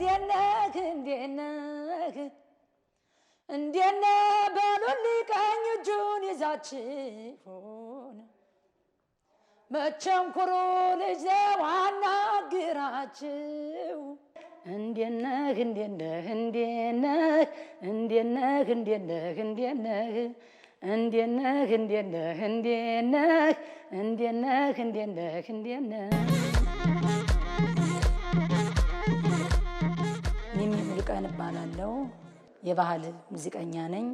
እንዴት ነህ እንዴት ነህ እንዴት ነህ በሉልኝ ቀኝ እጁን ይዛችሁን መቼም ኩሩ ልጅ ዘው እንዴት ነህ እንዴት ነህ እንዴት ነህ እንዴት ነህ እንዴት ነህ እንዴት ነህ እንዴት ነህ እንዴት ነህ እንዴት ነህ እንዴት ነህ እንዴት ነህ እንዴት ነህ ቀን እባላለሁ። የባህል ሙዚቀኛ ነኝ።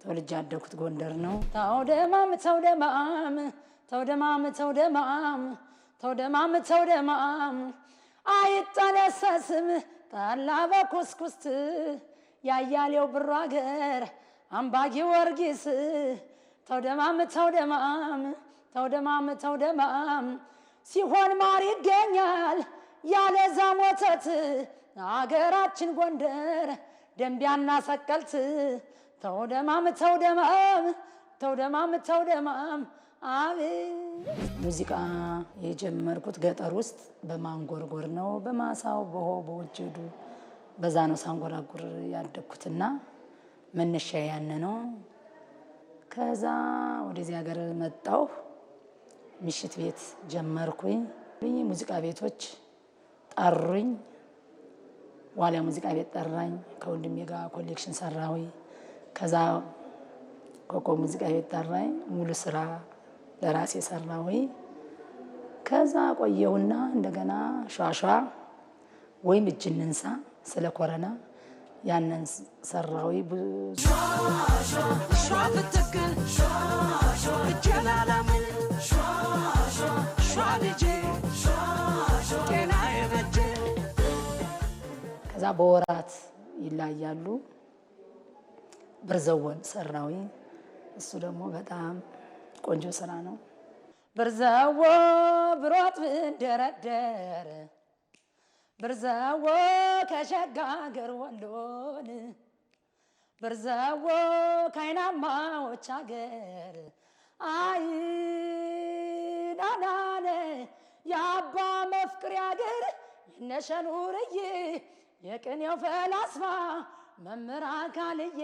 ተወልጄ ያደኩት ጎንደር ነው። ተውደማም ተውደማም ተውደማም ተውደማም ተውደማም ተውደማም አይጠነሰስም ጠላ በኩስኩስት ያያሌው ብሩ አገር አምባ ጊዮርጊስ ተውደማም ተውደማም ተውደማም ተውደማም ሲሆን ማር ይገኛል ያለ ዛም ወተት አገራችን ጎንደር ደንቢያና ሰቀልት ተውደማም ተውደማም ተውደማም ተውደማም ሙዚቃ የጀመርኩት ገጠር ውስጥ በማንጎርጎር ነው። በማሳው በሆ በወጀዱ በዛ ነው ሳንጎራጉር ያደግኩትና መነሻ ያነ ነው። ከዛ ወደዚህ ሀገር መጣሁ። ምሽት ቤት ጀመርኩኝ። ሙዚቃ ቤቶች ጠሩኝ። ዋሊያ ሙዚቃ ቤት ጠራኝ። ከወንድሜ ጋር ኮሌክሽን ሰራሁ። ከዛ ኮኮ ሙዚቃ ቤት ጠራኝ። ሙሉ ስራ ለራሴ ሰራሁ። ከዛ ቆየሁና እንደገና ሸዋሸዋ ወይም እጅ እንንሳ ስለ ኮረና ያንን ሰራሁ ብዙ ከዛ በወራት ይለያሉ። ብርዘወን ሰራዊ እሱ ደግሞ በጣም ቆንጆ ስራ ነው። ብርዘዎ ብሮት ብንደረደር ብርዘዎ ከሸጋገር ወሎን ብርዘዎ ከይናማዎች አገር አይ ናናነ የአባ መፍቅሬ አገር ነሸኑርዬ የቅኔው ፈላስፋ መምህር አካልዬ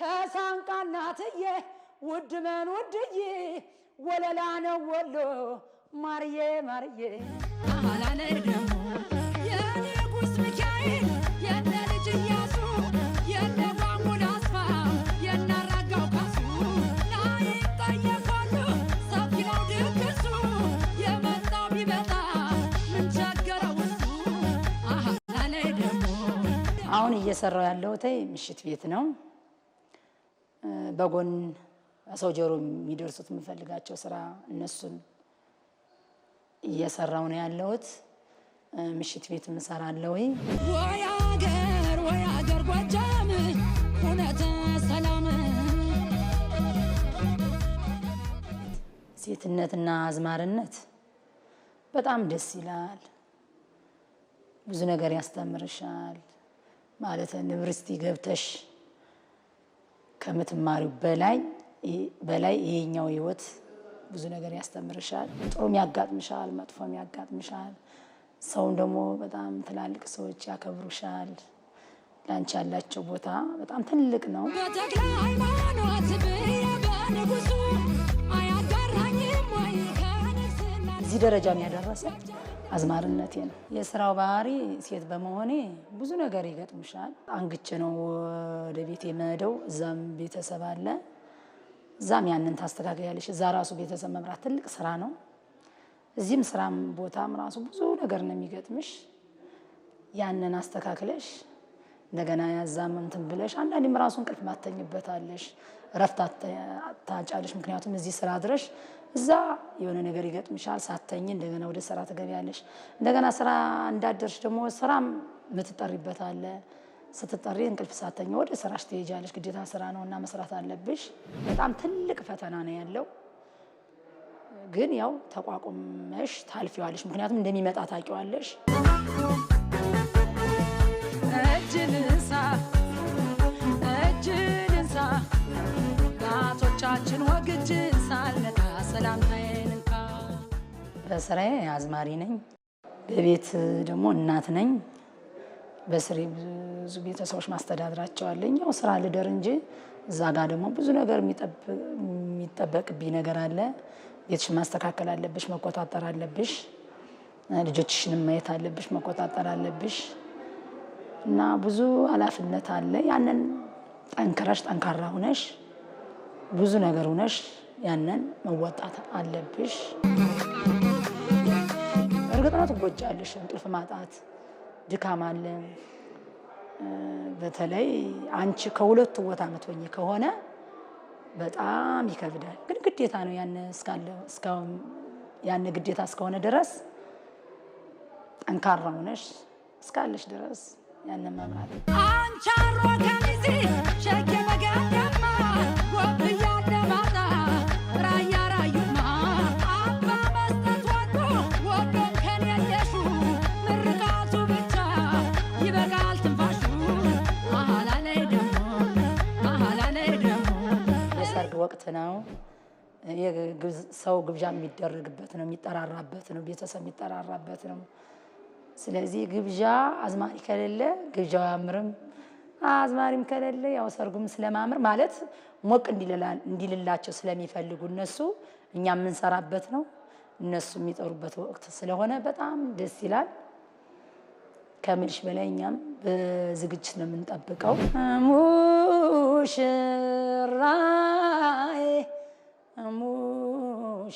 ከሳንቃ እናትዬ መን ውድዬ ወለላ ነው ወሎ ማርዬ ማርዬ አላለ ደግሞ እየሰራው ያለሁት ምሽት ቤት ነው። በጎን ሰው ጆሮ የሚደርሱት የምፈልጋቸው ስራ እነሱን እየሰራው ነው ያለሁት። ምሽት ቤት ምሰራለው ወይ አገር ወይ አገር ጎጃም ሰላም ሴትነትና አዝማርነት በጣም ደስ ይላል። ብዙ ነገር ያስተምርሻል። ማለት ዩኒቨርሲቲ ገብተሽ ከምትማሪው በላይ በላይ ይሄኛው ህይወት ብዙ ነገር ያስተምርሻል። ጥሩም ያጋጥምሻል፣ መጥፎም ያጋጥምሻል። ሰውን ደግሞ በጣም ትላልቅ ሰዎች ያከብሩሻል። ለአንቺ ያላቸው ቦታ በጣም ትልቅ ነው። እዚህ ደረጃ ያደረሰ አዝማርነቴ ነው። የስራው ባህሪ ሴት በመሆኔ ብዙ ነገር ይገጥምሻል። አንግቼ ነው ወደ ቤት የምሄደው። እዛም ቤተሰብ አለ፣ እዛም ያንን ታስተካክያለሽ። እዛ ራሱ ቤተሰብ መምራት ትልቅ ስራ ነው። እዚህም ስራም ቦታም ራሱ ብዙ ነገር ነው የሚገጥምሽ። ያንን አስተካክለሽ እንደገና ያዛም ብለሽ አንዳንድም ራሱ እንቅልፍ ማተኝበታለሽ፣ እረፍት ታጫለሽ። ምክንያቱም እዚህ ስራ ድረሽ እዛ የሆነ ነገር ይገጥምሻል፣ ሳተኝ እንደገና ወደ ስራ ትገቢያለሽ። እንደገና ስራ እንዳደርሽ ደግሞ ስራም ምትጠሪበት አለ። ስትጠሪ እንቅልፍ ሳተኝ ወደ ስራሽ ትሄጃለሽ። ግዴታ ስራ ነው እና መስራት አለብሽ። በጣም ትልቅ ፈተና ነው ያለው፣ ግን ያው ተቋቁመሽ ታልፊዋለሽ። ምክንያቱም እንደሚመጣ ታውቂዋለሽ። እጅ ሳልነካ ሰላምታዬን እንካ። በስራዬ አዝማሪ ነኝ፣ በቤት ደግሞ እናት ነኝ። በስሬ ብዙ ቤተሰቦች ማስተዳድራቸው አለኝ። ያው ስራ ልደር እንጂ እዛ ጋር ደግሞ ብዙ ነገር የሚጠበቅብኝ ነገር አለ። ቤትሽን ማስተካከል አለብሽ፣ መቆጣጠር አለብሽ። ልጆችሽንም ማየት አለብሽ፣ መቆጣጠር አለብሽ እና ብዙ ኃላፊነት አለ። ያንን ጠንክረሽ ጠንካራ ሁነሽ ብዙ ነገር ሆነሽ ያንን መወጣት አለብሽ። እርግጥ ነው ትጎጃለሽ። እንቅልፍ ማጣት፣ ድካም አለ። በተለይ አንቺ ከሁለቱ ቦታ ምትሆኝ ከሆነ በጣም ይከብዳል። ግን ግዴታ ነው ያን ግዴታ እስከሆነ ድረስ ጠንካራ ሆነሽ እስካለሽ ድረስ ያንን መምራት ወቅት ነው። ሰው ግብዣ የሚደረግበት ነው፣ የሚጠራራበት ነው፣ ቤተሰብ የሚጠራራበት ነው። ስለዚህ ግብዣ አዝማሪ ከሌለ ግብዣው አያምርም። አዝማሪም ከሌለ ያው ሰርጉም ስለማምር ማለት ሞቅ እንዲልላቸው ስለሚፈልጉ እነሱ እኛ የምንሰራበት ነው፣ እነሱ የሚጠሩበት ወቅት ስለሆነ በጣም ደስ ይላል። ከምልሽ በላይ እኛም በዝግጅት ነው የምንጠብቀው ሙሽራ ሙሽራዬ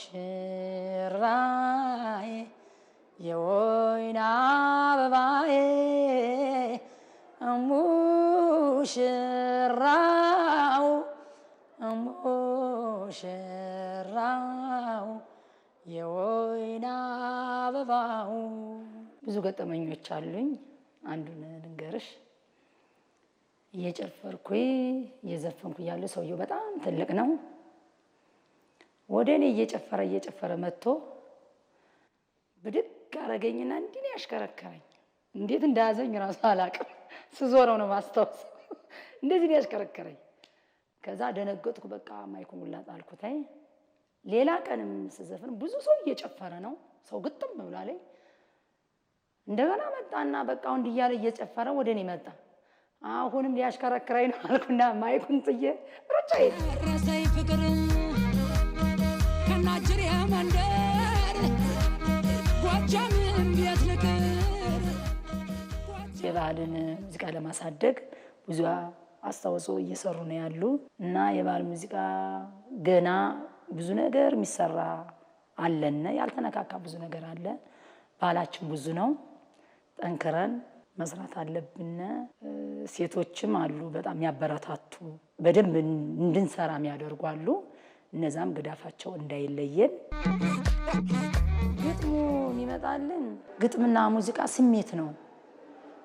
የወይን አበባዬ ሙሽራው ሙሽራው የወይን አበባው። ብዙ ገጠመኞች አሉኝ። አንዱን ልንገርሽ። እየጨፈርኩ እየዘፈንኩ እያለ ሰውየው በጣም ትልቅ ነው። ወደ እኔ እየጨፈረ እየጨፈረ መጥቶ ብድግ አረገኝና እንዲህ ያሽከረከረኝ። እንዴት እንዳያዘኝ ራሱ አላቅም። ስዞረው ነው ማስታወስ። እንደዚህ ያሽከረከረኝ። ከዛ ደነገጥኩ። በቃ ማይኩን ሁላ ጣልኩታይ። ሌላ ቀንም ስዘፍን ብዙ ሰው እየጨፈረ ነው፣ ሰው ግጥም ብሏል። እንደገና መጣና በቃ እንዲህ እያለ እየጨፈረ ወደ እኔ መጣ። አሁንም ሊያሽከረክረኝ ነው አልኩና ማይኩን ጥዬ ሩጫ ባህልን ሙዚቃ ለማሳደግ ብዙ አስተዋጽኦ እየሰሩ ነው ያሉ እና የባህል ሙዚቃ ገና ብዙ ነገር የሚሰራ አለነ ያልተነካካ ብዙ ነገር አለ። ባህላችን ብዙ ነው። ጠንክረን መስራት አለብን። ሴቶችም አሉ በጣም የሚያበረታቱ በደንብ እንድንሰራ የሚያደርጉ አሉ። እነዛም ግዳፋቸው እንዳይለየን። ግጥሙ የሚመጣልን ግጥምና ሙዚቃ ስሜት ነው።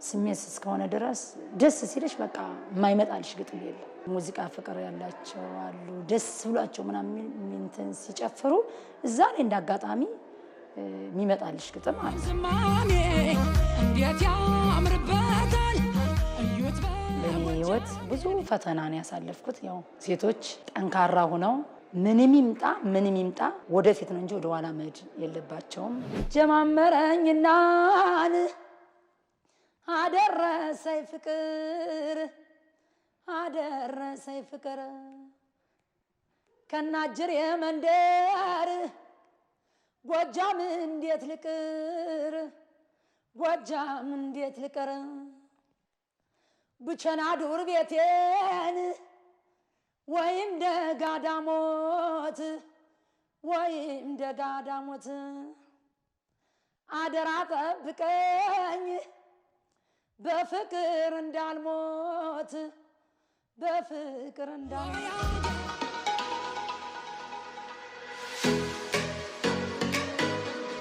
ስሜት እስከሆነ ድረስ ደስ ሲለሽ በቃ የማይመጣልሽ ግጥም የለም። ሙዚቃ ፍቅር ያላቸው አሉ፣ ደስ ብሏቸው ምናምን እንትን ሲጨፍሩ እዛ ላይ እንደ አጋጣሚ የሚመጣልሽ ግጥም አለ። በእኔ ህይወት ብዙ ፈተና ነው ያሳለፍኩት። ያው ሴቶች ጠንካራ ሆነው ምንም ይምጣ ምንም ይምጣ ወደፊት ነው እንጂ ወደኋላ መሄድ የለባቸውም። ጀማመረኝናል አደረሰይ ፍቅር አደረሰይ ፍቅር ከናጅር የመንደር ጎጃም እንዴት ልቅር ጎጃም እንዴት ልቅር ብቸና ዱር ቤቴን ወይም ደጋዳሞት ወይም ደጋዳሞት አደራ ጠብቀኝ በፍቅር እንዳልሞት በፍቅር እንዳልሞት